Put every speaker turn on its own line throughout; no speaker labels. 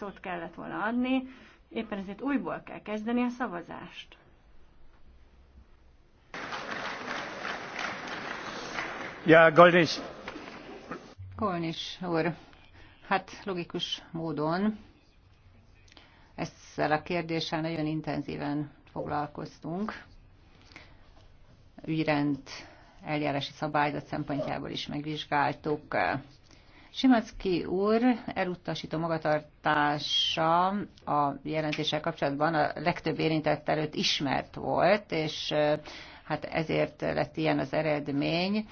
szót kellett volna adni, éppen ezért újból kell kezdeni a szavazást. Ja, Golnis.
Golnis úr, hát logikus módon ezzel a kérdéssel nagyon intenzíven foglalkoztunk. Ügyrend eljárási szabályzat szempontjából is megvizsgáltuk. Simacki úr elutasító magatartása a jelentéssel kapcsolatban a legtöbb érintett előtt ismert volt, és hát ezért lett ilyen az eredmény.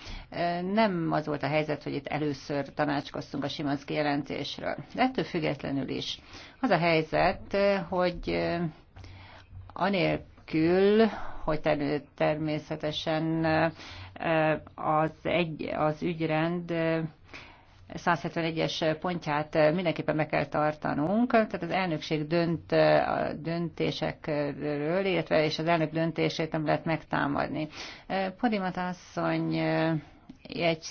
Nem az volt a helyzet, hogy itt először tanácskoztunk a Simanszki jelentésről. De ettől függetlenül is. Az a helyzet, hogy anélkül, hogy természetesen az, egy, az ügyrend 171-es pontját mindenképpen meg kell tartanunk, tehát az elnökség dönt a döntésekről, illetve és az elnök döntését nem lehet megtámadni. Podimat asszony egy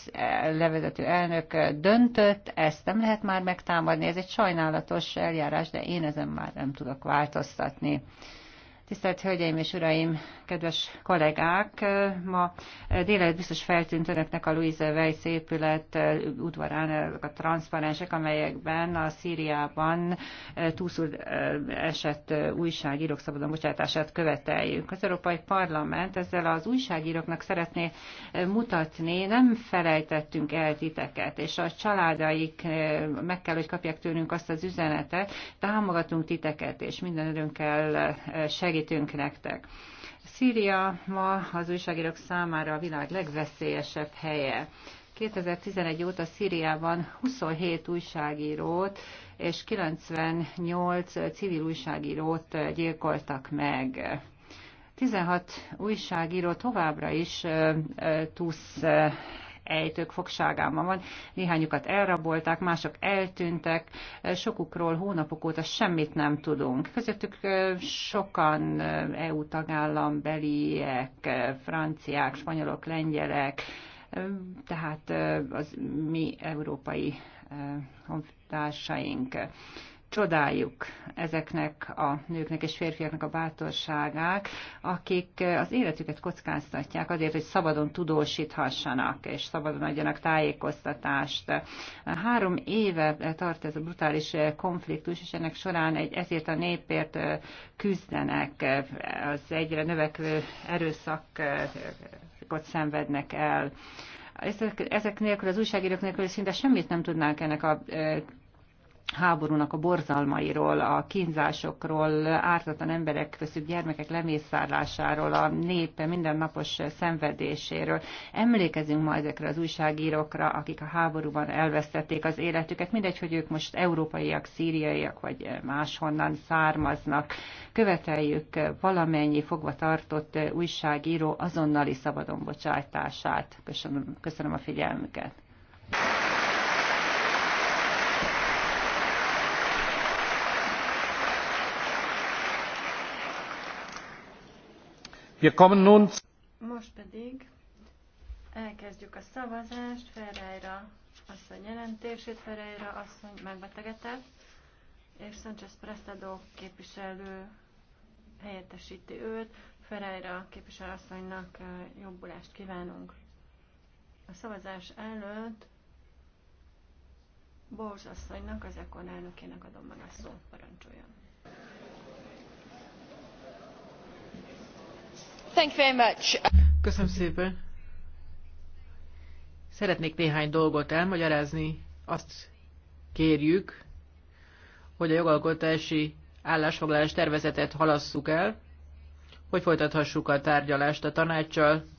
levezető elnök döntött, ezt nem lehet már megtámadni, ez egy sajnálatos eljárás, de én ezen már nem tudok változtatni. Tisztelt Hölgyeim és Uraim, kedves kollégák! Ma délelőtt biztos feltűnt önöknek a Louise Weiss épület udvarán ezek a transzparensek, amelyekben a Szíriában túlszúr esett újságírók szabadon bocsátását követeljük. Az Európai Parlament ezzel az újságíróknak szeretné mutatni, nem felejtettünk el titeket, és a családaik meg kell, hogy kapják tőlünk azt az üzenetet, támogatunk titeket, és minden örünkkel segítünk segítünk nektek. Szíria ma az újságírók számára a világ legveszélyesebb helye. 2011 óta Szíriában 27 újságírót és 98 civil újságírót gyilkoltak meg. 16 újságíró továbbra is túsz ejtők fogságában van. Néhányukat elrabolták, mások eltűntek, sokukról hónapok óta semmit nem tudunk. Közöttük sokan EU tagállambeliek, franciák, spanyolok, lengyelek, tehát az mi európai honfitársaink csodáljuk ezeknek a nőknek és férfiaknak a bátorságát, akik az életüket kockáztatják azért, hogy szabadon tudósíthassanak, és szabadon adjanak tájékoztatást. Három éve tart ez a brutális konfliktus, és ennek során egy ezért a népért küzdenek az egyre növekvő erőszakot szenvednek el ezek, ezek nélkül, az újságírók nélkül szinte semmit nem tudnánk ennek a háborúnak a borzalmairól, a kínzásokról, ártatlan emberek köszük gyermekek lemészárlásáról, a népe mindennapos szenvedéséről. Emlékezünk ma ezekre az újságírókra, akik a háborúban elvesztették az életüket, mindegy, hogy ők most európaiak, szíriaiak vagy máshonnan származnak. Követeljük valamennyi fogva tartott újságíró azonnali szabadon bocsátását. Köszönöm, köszönöm a figyelmüket.
Most pedig elkezdjük a szavazást. Ferreira asszony jelentését, Ferreira asszony megbetegedett, és Sanchez Prestado képviselő helyettesíti őt. Ferreira képviselő asszonynak jobbulást kívánunk. A szavazás előtt Borz asszonynak, az Ekon elnökének adom meg a szó, parancsoljon.
Köszönöm szépen. Szeretnék néhány dolgot elmagyarázni. Azt kérjük, hogy a jogalkotási állásfoglalás tervezetet halasszuk el, hogy folytathassuk a tárgyalást a tanácssal,